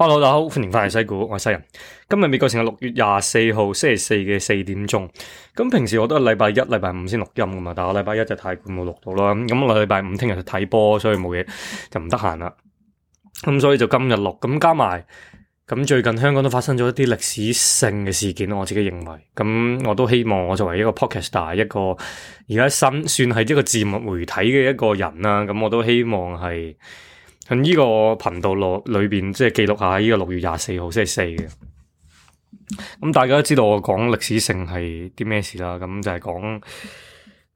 hello，大家好，歡迎翻嚟西股，我係西人。今日美國成日六月廿四號星期四嘅四點鐘。咁平時我都係禮拜一、禮拜五先錄音噶嘛，但係禮拜一就太攰冇錄到啦。咁咁我禮拜五聽日就睇波，所以冇嘢就唔得閒啦。咁所以就今日錄，咁加埋咁最近香港都發生咗一啲歷史性嘅事件，我自己認為，咁我都希望我作為一個 podcaster 一個而家新算係一個自媒體嘅一個人啦，咁我都希望係。喺呢個頻道落裏邊，即係記錄下喺呢個六月廿四號，即係星期四嘅。咁、嗯、大家都知道我講歷史性係啲咩事啦，咁、嗯、就係講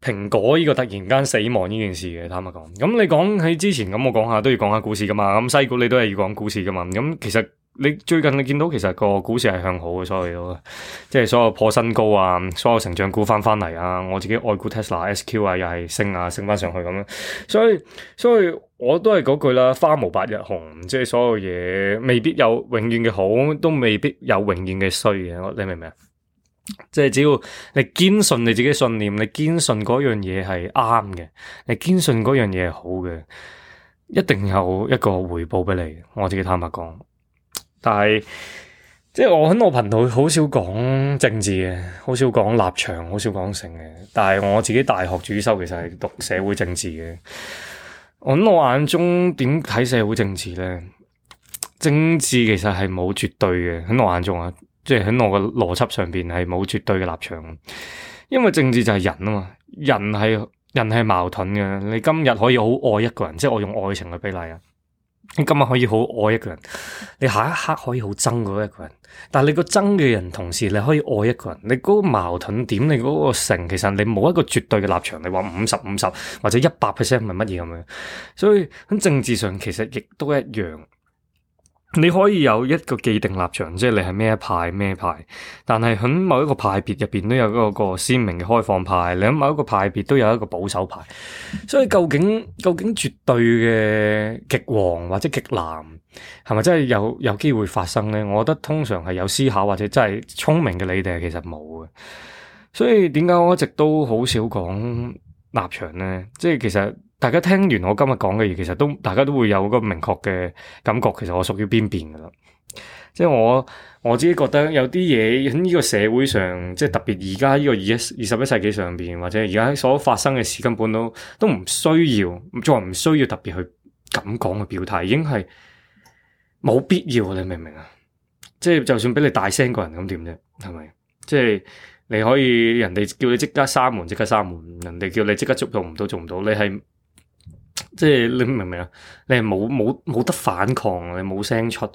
蘋果呢個突然間死亡呢件事嘅。坦白講，咁、嗯、你講喺之前，咁、嗯、我講下都要講下股市噶嘛。咁、嗯、西股你都係要講股市噶嘛。咁、嗯、其實你最近你見到其實個股市係向好嘅，所以即係、就是、所有破新高啊，所有成長股翻翻嚟啊，我自己愛股 Tesla、SQ 啊，又係升啊升翻上去咁樣、嗯。所以，所以。我都係嗰句啦，花無百日紅，即係所有嘢，未必有永遠嘅好，都未必有永遠嘅衰嘅。你明唔明啊？即係只要你堅信你自己信念，你堅信嗰樣嘢係啱嘅，你堅信嗰樣嘢係好嘅，一定有一個回報俾你。我自己坦白講，但係即係我喺我頻道好少講政治嘅，好少講立場，好少講成嘅。但係我自己大學主修其實係讀社會政治嘅。我喺我眼中點睇社會政治咧？政治其實係冇絕對嘅，喺我眼中啊，即係喺我嘅邏輯上邊係冇絕對嘅立場。因為政治就係人啊嘛，人係人係矛盾嘅。你今日可以好愛一個人，即係我用愛情去舉例啊。你今日可以好愛一個人，你下一刻可以好憎嗰一個人，但係你個憎嘅人同時你可以愛一個人，你嗰個矛盾點，你嗰個成，其實你冇一個絕對嘅立場，你話五十五十或者一百 percent 係乜嘢咁樣，所以喺政治上其實亦都一樣。你可以有一個既定立場，即係你係咩派咩派，但係喺某一個派別入邊都有一個個鮮明嘅開放派，你喺某一個派別都有一個保守派，所以究竟究竟絕對嘅極黃或者極藍係咪真係有有機會發生呢？我覺得通常係有思考或者真係聰明嘅你哋其實冇嘅，所以點解我一直都好少講立場呢？即係其實。大家聽完我今日講嘅嘢，其實都大家都會有個明確嘅感覺，其實我屬於邊邊嘅啦。即係我我自己覺得有啲嘢喺呢個社會上，即係特別而家呢個二二十一世紀上邊，或者而家所發生嘅事，根本都都唔需要，再唔需要特別去咁講去表態，已經係冇必要。你明唔明啊？即係就算俾你大聲過人咁點啫，係咪？即係你可以人哋叫你即刻閂門，即刻閂門；人哋叫你即刻捉用做唔到，做唔到，你係。即係你明唔明啊？你係冇冇冇得反抗，你冇聲出，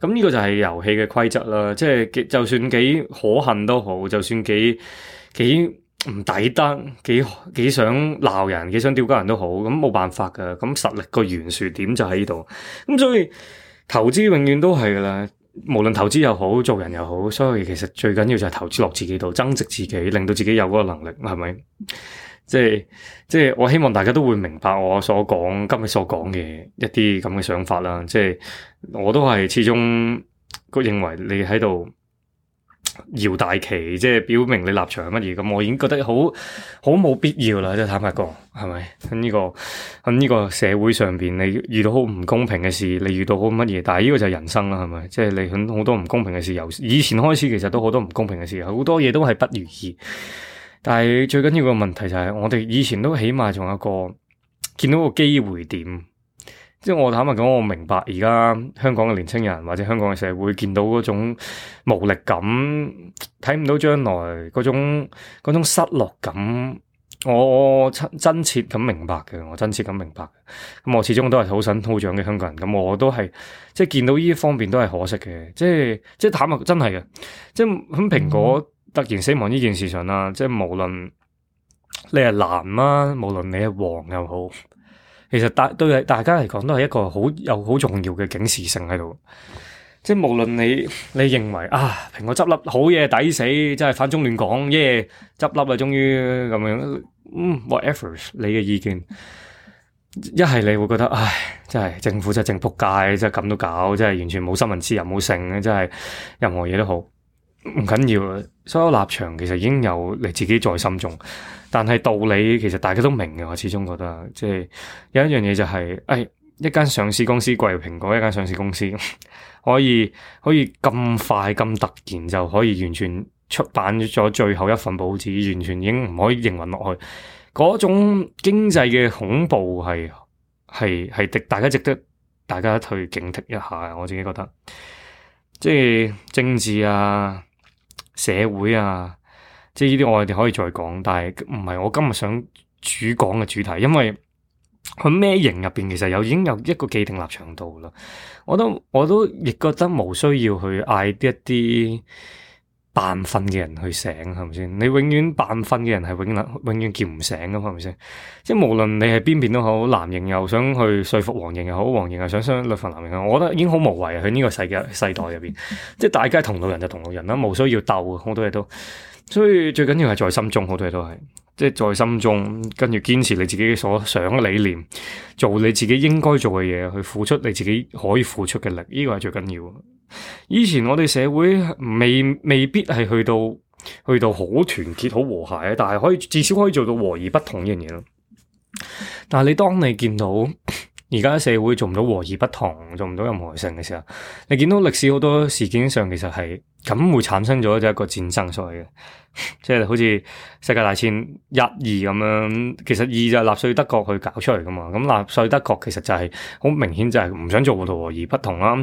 咁呢個就係遊戲嘅規則啦。即係就算幾可恨都好，就算幾幾唔抵得，幾幾，幾想鬧人，幾想掉膠人都好，咁冇辦法噶。咁實力個懸殊點就喺呢度。咁所以投資永遠都係噶啦，無論投資又好，做人又好。所以其實最緊要就係投資落自己度，增值自己，令到自己有嗰個能力，係咪？即係即係，我希望大家都會明白我所講今日所講嘅一啲咁嘅想法啦。即係我都係始終都認為你喺度搖大旗，即係表明你立場係乜嘢。咁我已經覺得好好冇必要啦。即係坦白講，係咪？喺呢個喺呢個社會上邊，你遇到好唔公平嘅事，你遇到好乜嘢？但係呢個就係人生啦，係咪？即係你好多唔公平嘅事，由以前開始其實都好多唔公平嘅事，好多嘢都係不如意。但係最緊要個問題就係，我哋以前都起碼仲有一個見到個機會點，即係我坦白講，我明白而家香港嘅年青人或者香港嘅社會見到嗰種無力感，睇唔到將來嗰種嗰種失落感，我我，我真切咁明白嘅，我真切咁明白，咁、嗯、我始終都係土生土長嘅香港人，咁、嗯、我都係即係見到呢方面都係可惜嘅，即係即係坦白講真係嘅，即係喺蘋果、嗯。突然死亡呢件事情啦，即係無論你係男啦，啊，無論你係黃又好，其實大對大家嚟講都係一個好有好重要嘅警示性喺度。 即係無論你你認為啊，蘋果執笠，好嘢抵死，真係反中亂講，耶執笠啦，終於咁樣。嗯，whatever 你嘅意見，一係你會覺得唉，真係政府真係正仆街，真係咁都搞，真係完全冇新聞自由，冇剩，真係任何嘢都好。唔緊要，所有立場其實已經有你自己在心中。但係道理其實大家都明嘅，我始終覺得即係有一樣嘢就係、是，誒、哎，一間上市公司貴如蘋果，一間上市公司可以可以咁快咁突然就可以完全出版咗最後一份報紙，完全已經唔可以營運落去。嗰種經濟嘅恐怖係係係，大家值得大家去警惕一下。我自己覺得，即係政治啊。社會啊，即係呢啲我哋可以再講，但係唔係我今日想主講嘅主題，因為佢咩型入邊其實有已經有一個既定立場度啦。我都我都亦覺得冇需要去嗌一啲。扮瞓嘅人去醒，係咪先？你永遠扮瞓嘅人係永遠，永遠叫唔醒噶，係咪先？即係無論你係邊邊都好，藍營又想去說服黃營又好，黃營又想說服藍營，我覺得已經好無謂啊！喺呢個世界，世代入邊， 即係大家同路人就同路人啦，無需要鬥。好多嘢都，所以最緊要係在心中，好多嘢都係，即係在心中跟住堅持你自己所想嘅理念，做你自己應該做嘅嘢，去付出你自己可以付出嘅力，呢個係最緊要。以前我哋社會未未必係去到去到好團結、好和諧啊，但係可以至少可以做到和而不同呢樣嘢咯。但係你當你見到而家社會做唔到和而不同，做唔到任何性嘅時候，你見到歷史好多事件上其實係。咁會產生咗就一個戰爭賽嘅，即係好似世界大戰一二咁樣。其實二就係納粹德國去搞出嚟㗎嘛。咁納粹德國其實就係好明顯就係唔想做和平而不同啦。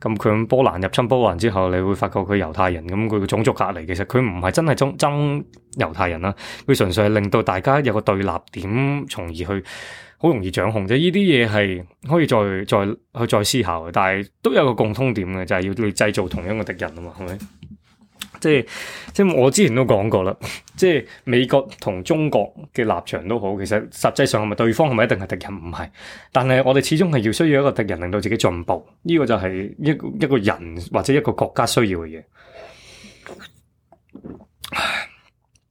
咁佢波蘭入侵波蘭之後，你會發覺佢猶太人咁佢個種族隔離，其實佢唔係真係憎憎猶太人啦，佢純粹係令到大家有個對立點，從而去。好容易掌控啫，呢啲嘢係可以再再去再思考嘅，但係都有個共通點嘅，就係、是、要你製造同一個敵人啊嘛，係咪？即係即係我之前都講過啦，即係美國同中國嘅立場都好，其實實際上係咪對方係咪一定係敵人？唔係，但係我哋始終係要需要一個敵人令到自己進步，呢、這個就係一個一個人或者一個國家需要嘅嘢。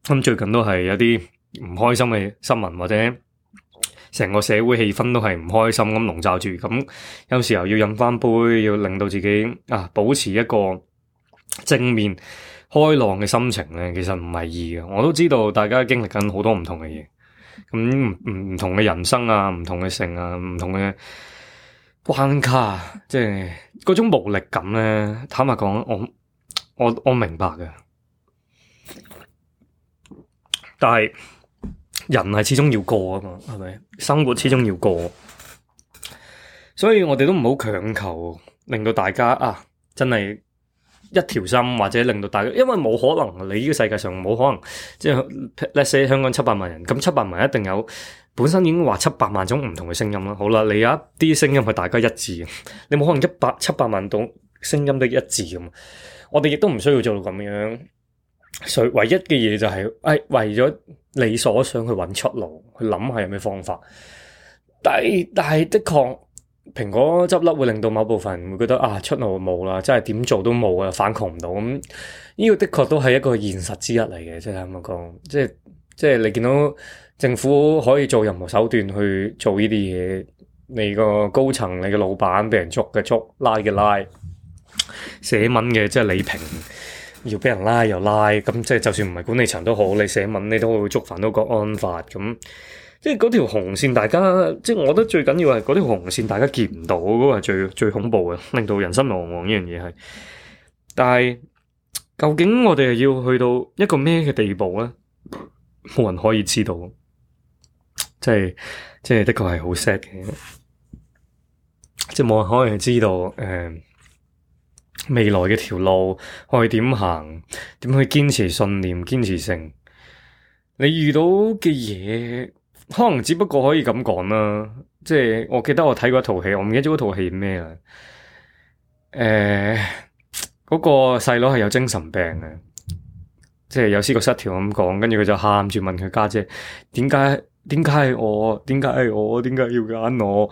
咁最近都係有啲唔開心嘅新聞或者。成個社會氣氛都係唔開心咁籠罩住，咁有時候要飲返杯，要令到自己啊保持一個正面開朗嘅心情咧，其實唔係易嘅。我都知道大家經歷緊好多唔同嘅嘢，咁唔唔同嘅人生啊，唔同嘅性啊，唔同嘅關卡啊，即係嗰種無力感咧。坦白講，我我我明白嘅，但係。人係始終要過啊嘛，係咪？生活始終要過，所以我哋都唔好強求，令到大家啊，真係一條心，或者令到大家，因為冇可能，你呢個世界上冇可能，即係，let's say 香港七百萬人，咁七百萬人一定有，本身已經話七百萬種唔同嘅聲音啦。好啦，你有一啲聲音係大家一致嘅，你冇可能一百七百萬種聲音都一致咁，我哋亦都唔需要做到咁樣。所唯一嘅嘢就係，誒，為咗你所想去揾出路，去諗下有咩方法。但係但係的確，蘋果執笠會令到某部分人會覺得啊出路冇啦，真係點做都冇啊，反抗唔到。咁呢個的確都係一個現實之一嚟嘅，即係咁講。即係即係你見到政府可以做任何手段去做呢啲嘢，你個高層、你個老闆俾人捉嘅捉，拉嘅拉，寫文嘅即係李平。要俾人拉又拉，咁即係就算唔係管理層都好，你寫文你都會觸犯到國安法，咁即係嗰條紅線，大家即係我覺得最緊要係嗰條紅線，大家見唔到嗰、嗰個係最最恐怖嘅，令到人心惶惶呢樣嘢係。但係究竟我哋係要去到一個咩嘅地步咧？冇人可以知道，即係即係的確係好 sad 嘅，即係冇人可以知道誒。嗯未來嘅條路我係點行？點去堅持信念？堅持成你遇到嘅嘢，可能只不過可以咁講啦。即係我記得我睇過一套戲，我唔記得咗嗰套戲咩啦。誒、欸，嗰、嗰個細佬係有精神病嘅，即係有思覺失調咁講，跟住佢就喊住問佢家姐：點解？點解係我？點解係我？點解要揀我？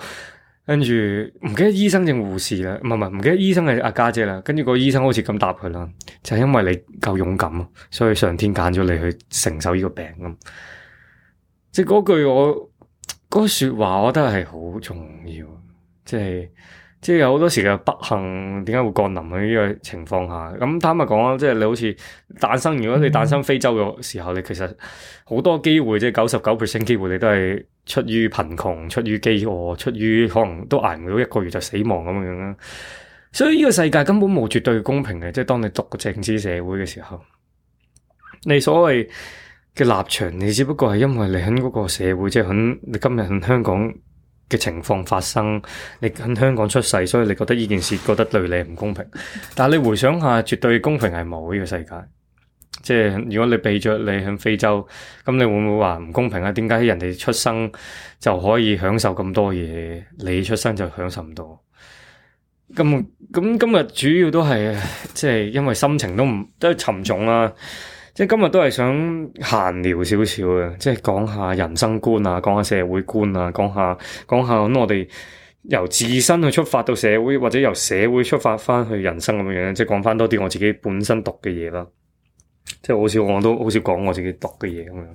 跟住唔記得醫生定護士啦，唔係唔係唔記得醫生係阿家姐啦。跟住個醫生好似咁答佢啦，就係因為你夠勇敢，所以上天揀咗你去承受呢個病咁。即係嗰句我嗰句說話，我覺得係好重要，即係。即係有好多時候不幸點解會降臨喺呢個情況下？咁坦白講，即係你好似誕生，如果你誕生非洲嘅時候，你其實好多機會，即係九十九 percent 機會，你都係出於貧窮、出於飢餓、出於可能都捱唔到一個月就死亡咁樣樣啦。所以呢個世界根本冇絕對公平嘅，即係當你讀個政治社會嘅時候，你所謂嘅立場，你只不過係因為你喺嗰個社會，即係喺你今日喺香港嘅情況發生，你喺香港出世，所以你覺得呢件事覺得對你唔公平。但係你回想下，絕對公平係冇呢個世界。即係如果你避著你喺非洲，咁你會唔會話唔公平啊？點解人哋出生就可以享受咁多嘢，你出生就享受唔到？咁咁今日主要都係即係因為心情都唔都係沉重啦。今日都係想閒聊少少嘅，即係講下人生觀啊，講下社會觀啊，講下，講下，我哋由自身去出發到社會，或者由社會出發翻去人生咁樣，即係講翻多啲我自己本身讀嘅嘢啦。即係好少，我都好少講我自己讀嘅嘢咁樣，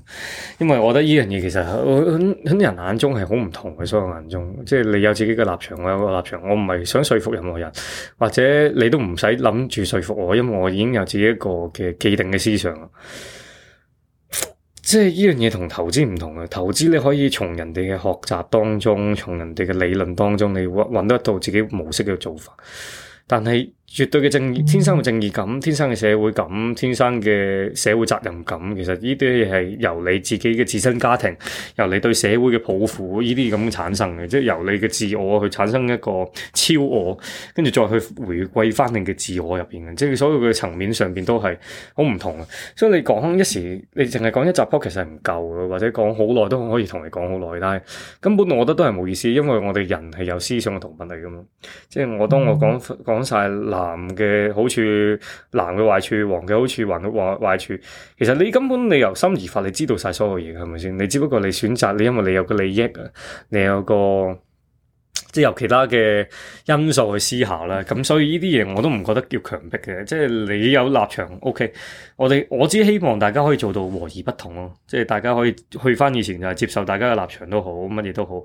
因為我覺得呢樣嘢其實喺喺人眼中係好唔同嘅。所以我眼中，即係你有自己嘅立場，我有個立場，我唔係想說服任何人，或者你都唔使諗住說服我，因為我已經有自己一個嘅既定嘅思想。即係呢樣嘢同投資唔同啊！投資你可以從人哋嘅學習當中，從人哋嘅理論當中，你搵得到自己模式嘅做法，但係。絕對嘅正義，天生嘅正義感，天生嘅社會感，天生嘅社會責任感，其實呢啲嘢係由你自己嘅自身家庭，由你對社會嘅抱負呢啲咁產生嘅，即係由你嘅自我去產生一個超我，跟住再去回歸翻你嘅自我入邊嘅，即係所有嘅層面上邊都係好唔同啊！所以你講一時，你淨係講一集 program 其實唔夠嘅，或者講好耐都可以同你講好耐，但係根本我覺得都係冇意思，因為我哋人係有思想嘅動物嚟嘅嘛。即係我當我、嗯、講講晒。藍嘅好處，藍嘅壞處；黃嘅好處，黃嘅壞壞處。其實你根本你由心而發，你知道晒所有嘢，係咪先？你只不過你選擇，你因為你有個利益啊，你有個即係由其他嘅因素去思考啦。咁所以呢啲嘢我都唔覺得叫強迫嘅，即係你有立場。OK，我哋我只希望大家可以做到和而不同咯，即係大家可以去返以前就係接受大家嘅立場好都好，乜嘢都好。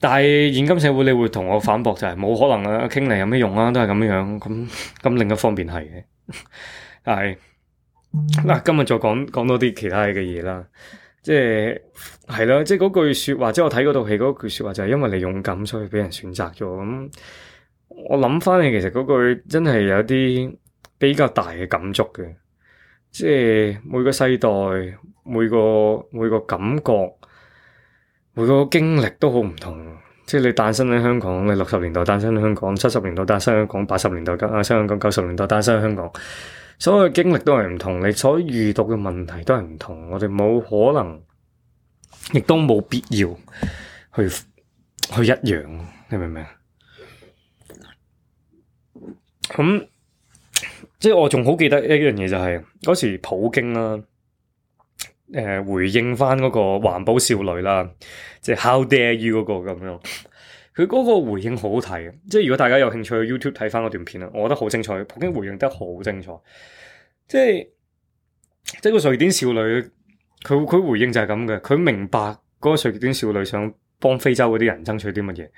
但係現今社會，你會同我反駁就係、是、冇可能啦，傾嚟有咩用啊？都係咁樣樣，咁咁另一方面係嘅，係 嗱是、嗯啊、今日再講講多啲其他嘅嘢啦，即係係啦，即係嗰句說話，即係我睇嗰套戲嗰句說話，就係、是、因為你勇敢，所以俾人選擇咗。咁我諗翻起，其實嗰句真係有啲比較大嘅感觸嘅，即、就、係、是、每個世代，每個每個感覺。每個經歷都好唔同，即係你誕生喺香港，你六十年代誕生喺香港，七十年代誕生喺香港，八十年代誕生喺香港，九十年代誕生喺香港，所有經歷都係唔同，你所遇到嘅問題都係唔同，我哋冇可能，亦都冇必要去去一樣，你明唔明啊？咁、嗯、即係我仲好記得一樣嘢就係、是、嗰時普京啦、啊。誒，回應翻嗰個環保少女啦，即係 How dare you 嗰個咁樣，佢嗰個回應好好睇啊！即係如果大家有興趣去 YouTube 睇翻嗰段片啦，我覺得好精彩。普京回應得好精彩，即係即係個瑞典少女，佢佢回應就係咁嘅。佢明白嗰個瑞典少女想幫非洲嗰啲人爭取啲乜嘢，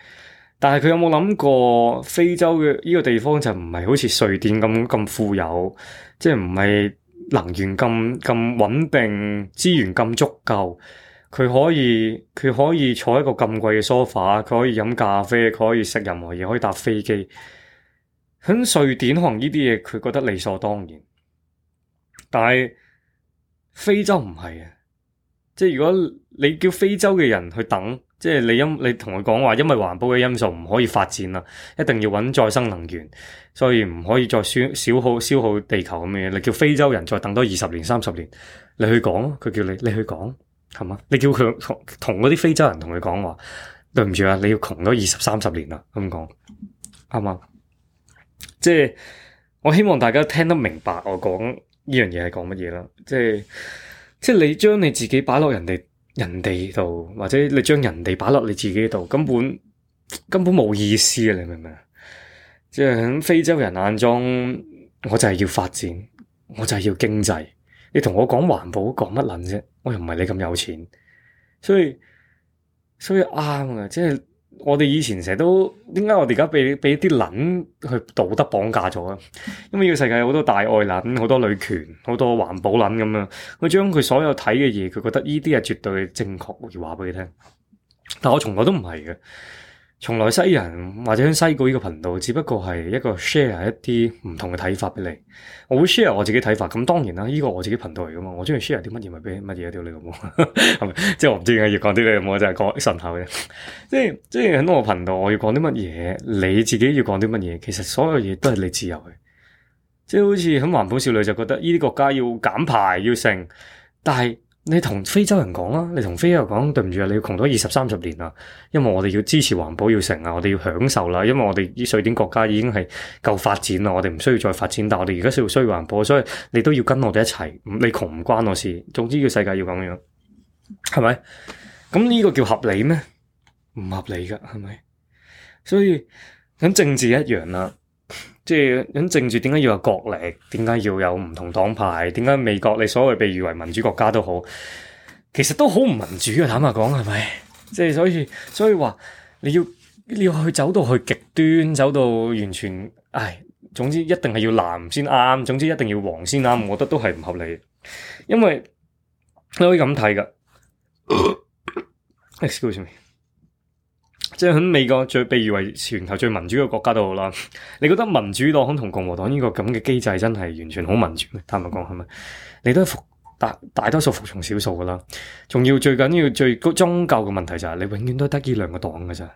但係佢有冇諗過非洲嘅呢個地方就唔係好似瑞典咁咁富有，即係唔係？能源咁咁穩定，資源咁足夠，佢可以佢可以坐一個咁貴嘅梳化，佢可以飲咖啡，佢可以食任何嘢，可以搭飛機。喺瑞典可能呢啲嘢，佢覺得理所當然。但係非洲唔係啊，即係如果。你叫非洲嘅人去等，即係你因你同佢講話，因為環保嘅因素唔可以發展啦，一定要揾再生能源，所以唔可以再消耗消耗地球咁嘅嘢。你叫非洲人再等多二十年、三十年，你去講，佢叫你你去講，係嘛？你叫佢同嗰啲非洲人同佢講話，對唔住啊，你要窮多二十三十年啦，咁講，係嘛？即係我希望大家聽得明白，我講呢樣嘢係講乜嘢啦？即係即係你將你自己擺落人哋。人哋度，或者你將人哋擺落你自己度，根本根本冇意思啊！你明唔明啊？即係喺非洲人眼中，我就係要發展，我就係要經濟。你同我講環保，講乜撚啫？我又唔係你咁有錢，所以所以啱啊！即係。我哋以前成日都，點解我哋而家俾俾啲撚去道德綁架咗啊？因為呢個世界有好多大愛撚，好多女權，好多環保撚咁樣，佢將佢所有睇嘅嘢，佢覺得呢啲係絕對正確，要話俾你聽。但我從來都唔係嘅。從來西人或者響西股呢個頻道，只不過係一個 share 一啲唔同嘅睇法畀你。我會 share 我自己睇法。咁當然啦，呢個我自己頻道嚟噶嘛，我中意 share 啲乜嘢咪畀乜嘢屌你老母，即係我唔知點解要講啲呢，我就係講順口啫。即係即係喺我頻道我要講啲乜嘢，你自己要講啲乜嘢，其實所有嘢都係你自由嘅。即係好似喺環保少女就覺得呢啲國家要減排要成，但係。你同非洲人講啊，你同非洲人講，對唔住啊，你要窮多二十三十年啦，因為我哋要支持環保要成啊，我哋要享受啦，因為我哋啲瑞典國家已經係夠發展啦，我哋唔需要再發展，但我哋而家需要需要環保，所以你都要跟我哋一齊，你窮唔關我事，總之要世界要咁樣，係咪？咁呢個叫合理咩？唔合理噶，係咪？所以咁政治一樣啦。即係咁政治點解要有國力？點解要有唔同黨派？點解美國你所謂被譽為民主國家都好，其實都好唔民主嘅。坦白講係咪？即係所以，所以話你要你要去走到去極端，走到完全，唉，總之一定係要藍先啱，總之一定要黃先啱，我覺得都係唔合理。因為你可以咁睇㗎。Excuse me. 即係喺美國最被譽為全球最民主嘅國家度啦， 你覺得民主黨同共和黨呢個咁嘅機制真係完全好民主咩？坦白講係咪？你都係服大大多數服從少數噶啦，仲要最緊要最,最宗教嘅問題就係你永遠都係得呢兩個黨噶咋，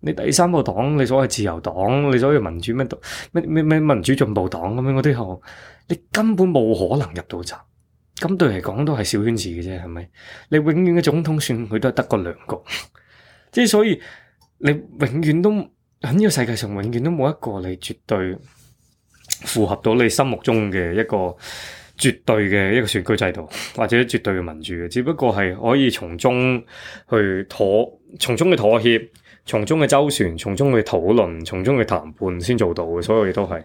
你第三個黨你所謂自由黨，你所謂民主咩黨咩咩咩民主進步黨咁樣嗰啲後，你根本冇可能入到閘。咁對嚟講都係小圈子嘅啫，係咪？你永遠嘅總統選佢都係得嗰兩個。 即係所以，你永遠都喺呢個世界上，永遠都冇一個你絕對符合到你心目中嘅一個絕對嘅一個選舉制度，或者絕對嘅民主嘅。只不過係可以從中去妥從中嘅妥協，從中嘅周旋，從中去討論，從中去談判先做到嘅。所有嘢都係，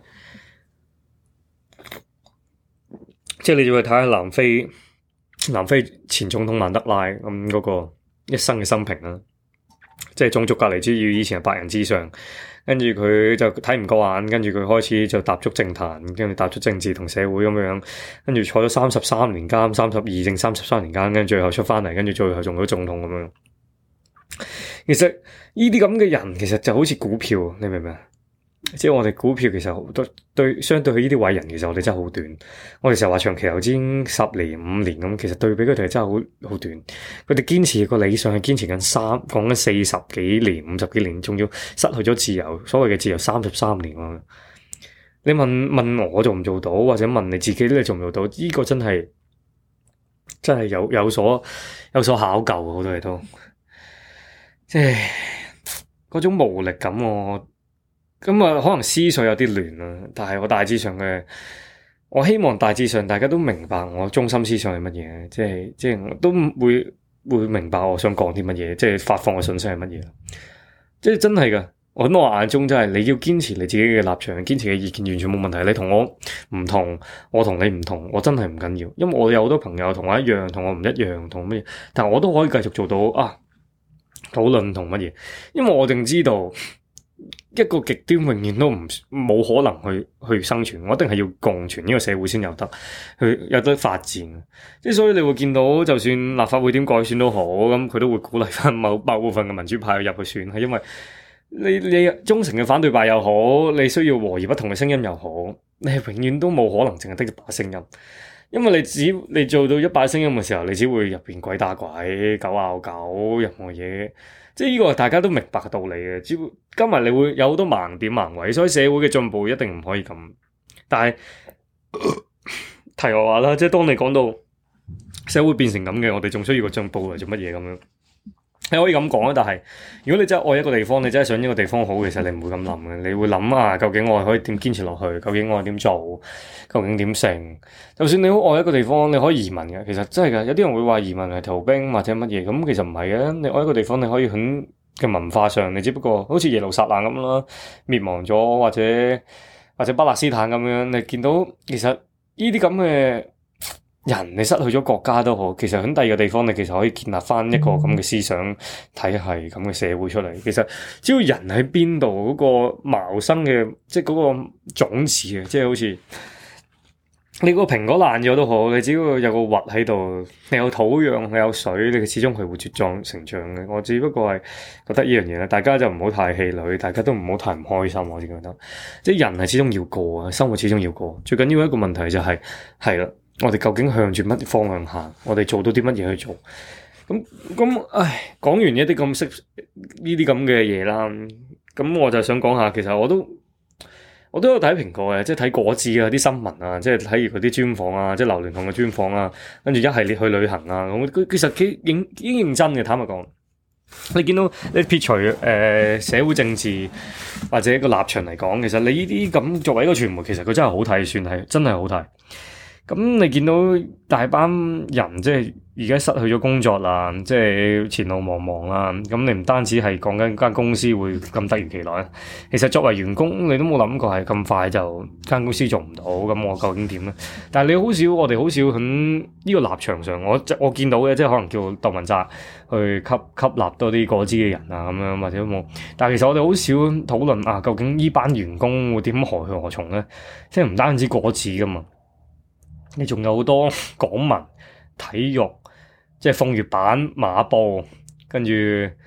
即係你要去睇下南非，南非前總統曼德拉咁嗰、嗯嗰個一生嘅生平啦。即係種族隔離之餘，以前係白人之上，跟住佢就睇唔過眼，跟住佢開始就踏足政壇，跟住踏足政治同社會咁樣，跟住坐咗三十三年監，三十二定三十三年監，跟住最後出翻嚟，跟住最後做咗總統咁樣。其實呢啲咁嘅人，其實就好似股票，你明唔明啊？即係我哋股票其實好多對相對佢呢啲偉人，其實我哋真係好短。我哋成日話長期投資十年五年咁，其實對比佢哋真係好好短。佢哋堅持個理想係堅持緊三講緊四十幾年、五十幾年，仲要失去咗自由。所謂嘅自由三十三年。你問問我做唔做到，或者問你自己咧，做唔做到？呢個真係真係有有所有所考究，好多嘢，都即係嗰種無力感我。咁啊，可能思想有啲亂啊。但係我大致上嘅，我希望大致上大家都明白我中心思想係乜嘢，即係即係我都會會明白我想講啲乜嘢，即係發放嘅信息係乜嘢，即係真係噶，我喺我眼中真係你要堅持你自己嘅立場，堅持嘅意見完全冇問題，你同我唔同，我同你唔同，我真係唔緊要，因為我有好多朋友同我一樣，同我唔一樣，同乜嘢，但我都可以繼續做到啊討論同乜嘢，因為我淨知道。一個極端永遠都唔冇可能去去生存，我一定係要共存呢個社會先有得去有得發展。即係所以你會見到，就算立法會點改選都好，咁佢都會鼓勵翻某一部分嘅民主派入去選，係因為你你，你忠誠嘅反對派又好，你需要和而不同嘅聲音又好，你係永遠都冇可能淨係得一把聲音，因為你只你做到一把聲音嘅時候，你只會入邊鬼打鬼、狗咬狗，任何嘢。即係呢個大家都明白嘅道理嘅，只會加埋你會有好多盲點盲位，所以社會嘅進步一定唔可以咁。但係 題外話啦，即係當你講到社會變成咁嘅，我哋仲需要個進步嚟做乜嘢咁樣？你可以咁講啊，但係如果你真係愛一個地方，你真係想呢個地方好，其實你唔會咁諗嘅。你會諗下啊，究竟我可以點堅持落去？究竟我係點做？究竟點成？就算你好愛一個地方，你可以移民嘅。其實真係嘅，有啲人會話移民係逃兵或者乜嘢，咁其實唔係嘅。你愛一個地方，你可以喺嘅文化上，你只不過好似耶路撒冷咁咯，滅亡咗或者或者巴勒斯坦咁樣。你見到其實呢啲咁嘅。人你失去咗國家都好，其實喺第二個地方，你其實可以建立翻一個咁嘅思想體系，咁嘅社會出嚟。其實只要人喺邊度，嗰個謀生嘅，即係嗰個種子啊，即係好似你個蘋果爛咗都好，你只要有個核喺度，你有土壤，你有水，你始終佢會茁壯成長嘅。我只不過係覺得呢樣嘢咧，大家就唔好太氣餒，大家都唔好太唔開心。我先覺得，即係人係始終要過啊，生活始終要過。最緊要一個問題就係，係啦。我哋究竟向住乜方向行？我哋做到啲乜嘢去做？咁咁，唉，講完一啲咁識呢啲咁嘅嘢啦，咁我就想講下，其實我都我都有睇蘋果嘅，即係睇果籽啊啲新聞啊，即係睇佢啲專訪啊，即係劉連雄嘅專訪啊，跟住一系列去旅行啊咁。其實佢幾認幾認真嘅，坦白講，你見到你撇除誒、呃、社會政治或者個立場嚟講，其實你呢啲咁作為一個傳媒，其實佢真係好睇，算係真係好睇。咁、嗯、你見到大班人即係而家失去咗工作啦，即係前路茫茫啦。咁、嗯嗯、你唔單止係講緊間公司會咁突如其來，其實作為員工，你都冇諗過係咁快就間公司做唔到，咁、嗯、我究竟點咧？但係你好少，我哋好少喺呢個立場上，我我見到嘅即係可能叫杜汶澤去吸吸納多啲果汁嘅人啊，咁樣或者冇。但係其實我哋好少討論啊，究竟呢班員工會點何去何從咧？即係唔單止果汁噶嘛。你仲有好多港聞、體育，即係風月版、馬報，跟住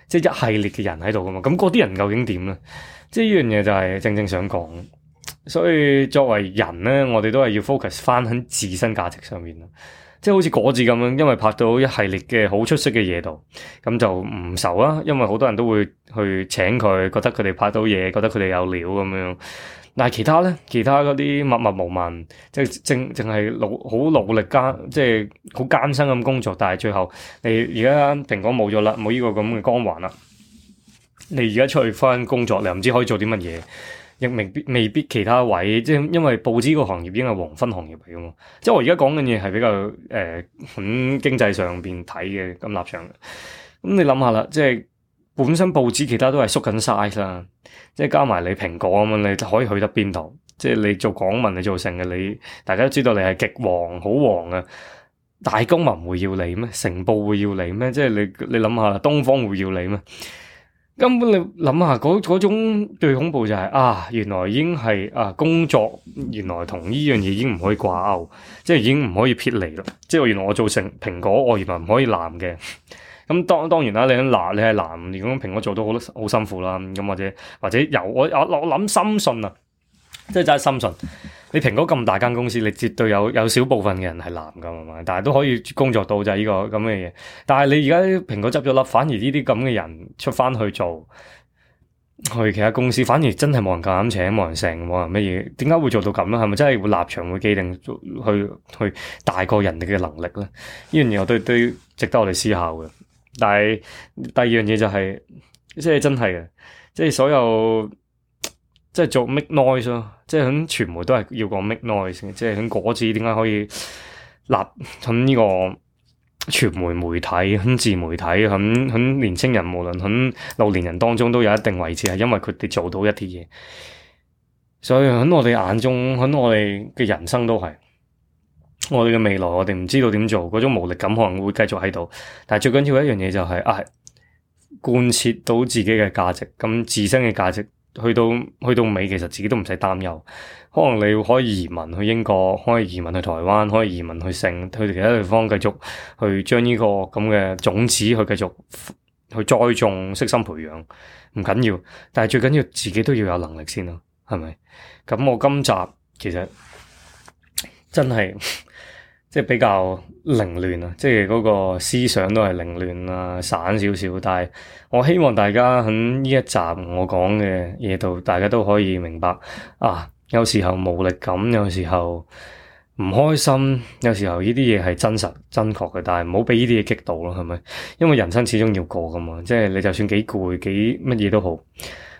即係一系列嘅人喺度㗎嘛？咁嗰啲人究竟點咧？即係呢樣嘢就係正正想講。所以作為人咧，我哋都係要 focus 翻喺自身價值上面啦。即係好似果子咁樣，因為拍到一系列嘅好出色嘅嘢度，咁就唔愁啦。因為好多人都會去請佢，覺得佢哋拍到嘢，覺得佢哋有料咁樣。但係其他咧，其他嗰啲默默無聞，即係淨淨係努好努力艱，即係好艱辛咁工作。但係最後你而家蘋果冇咗啦，冇呢個咁嘅光環啦。你而家出去返工作，你又唔知可以做啲乜嘢。亦未必未必其他位，即係因為報紙個行業已經係黃昏行業嚟嘅嘛。即係我而家講嘅嘢係比較誒，喺、呃、經濟上邊睇嘅咁立場。咁、嗯、你諗下啦，即係本身報紙其他都係縮緊 size 啦，即係加埋你蘋果咁樣，你可以去得邊度？即係你做港文你做成嘅，你大家都知道你係極黃好黃嘅，大公民會要你咩？成報會要你咩？即係你你諗下，東方會要你咩？根本你諗下嗰嗰種最恐怖就係、是、啊原來已經係啊工作原來同呢樣嘢已經唔可以掛鈎，即係已經唔可以撇離啦。即係我原來我做成蘋果，我原來唔可以藍嘅。咁、嗯、當當然啦，你藍你係藍，如果蘋果做得好好辛苦啦。咁、嗯、或者或者由我我我諗深信啊，即係真係深信。你蘋果咁大間公司，你絕對有有少部分嘅人係男㗎嘛，但係都可以工作到就係呢個咁嘅嘢。但係你而家蘋果執咗笠，反而呢啲咁嘅人出翻去做，去其他公司，反而真係冇人夠膽請，冇人成，冇人乜嘢。點解會做到咁咧？係咪真係會立場會既定去去，去大過人哋嘅能力咧？呢樣嘢都都值得我哋思考嘅。但係第二樣嘢就係即係真係嘅，即係所有即係做 make noise 咯。即係喺傳媒都係要講 make noise，即係喺果子點解可以立喺呢個傳媒媒體、喺自媒體、喺喺年輕人，無論喺老年人當中都有一定位置，係因為佢哋做到一啲嘢。所以喺我哋眼中，喺我哋嘅人生都係我哋嘅未來，我哋唔知道點做，嗰種無力感可能會繼續喺度。但係最緊要一樣嘢就係，啊，貫徹到自己嘅價值，咁自身嘅價值。去到去到尾，其實自己都唔使擔憂。可能你可以移民去英國，可以移民去台灣，可以移民去成去其他地方，繼續去將呢個咁嘅種子去繼續去栽種，悉心培養唔緊要。但係最緊要自己都要有能力先啦，係咪？咁我今集其實真係。 即係比較凌亂啊！即係嗰個思想都係凌亂啊，散少少。但係我希望大家喺呢一集我講嘅嘢度，大家都可以明白啊！有時候無力感，有時候唔開心，有時候呢啲嘢係真實真確嘅。但係唔好俾呢啲嘢激到咯，係咪？因為人生始終要過㗎嘛。即係你就算幾攰幾乜嘢都好，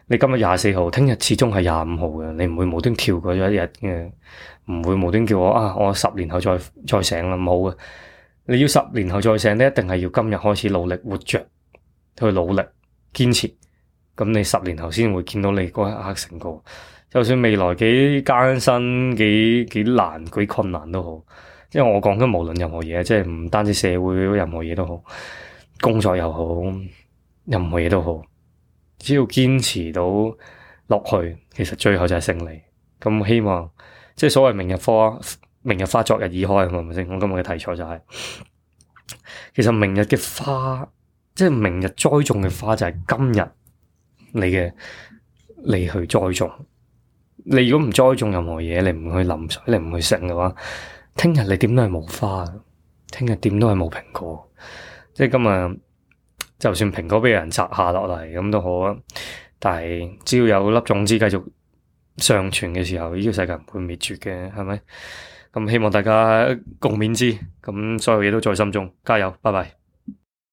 你今日廿四號，聽日始終係廿五號嘅，你唔會無端跳過咗一日嘅。唔會無端叫我啊！我十年後再再醒啦，冇啊，你要十年後再醒咧，你一定係要今日開始努力活着，去努力堅持。咁你十年後先會見到你嗰一刻成個。就算未來幾艱辛，幾幾難，幾困難都好，因為我講緊無論任何嘢，即係唔單止社會任何嘢都好，工作又好，任何嘢都好，只要堅持到落去，其實最後就係勝利。咁我希望。即係所謂明日花，明日花昨日已開，係咪先？我今日嘅題材就係、是，其實明日嘅花，即係明日栽種嘅花就，就係今日你嘅你去栽種。你如果唔栽種任何嘢，你唔去淋水，你唔去食嘅話，聽日你點都係冇花嘅，聽日點都係冇蘋果。即係今日，就算蘋果畀人摘下落嚟咁都好啊，但係只要有粒種子繼續。.上傳嘅時候，呢個世界唔會滅絕嘅，係咪？咁希望大家共勉之，咁所有嘢都在心中，加油，拜拜。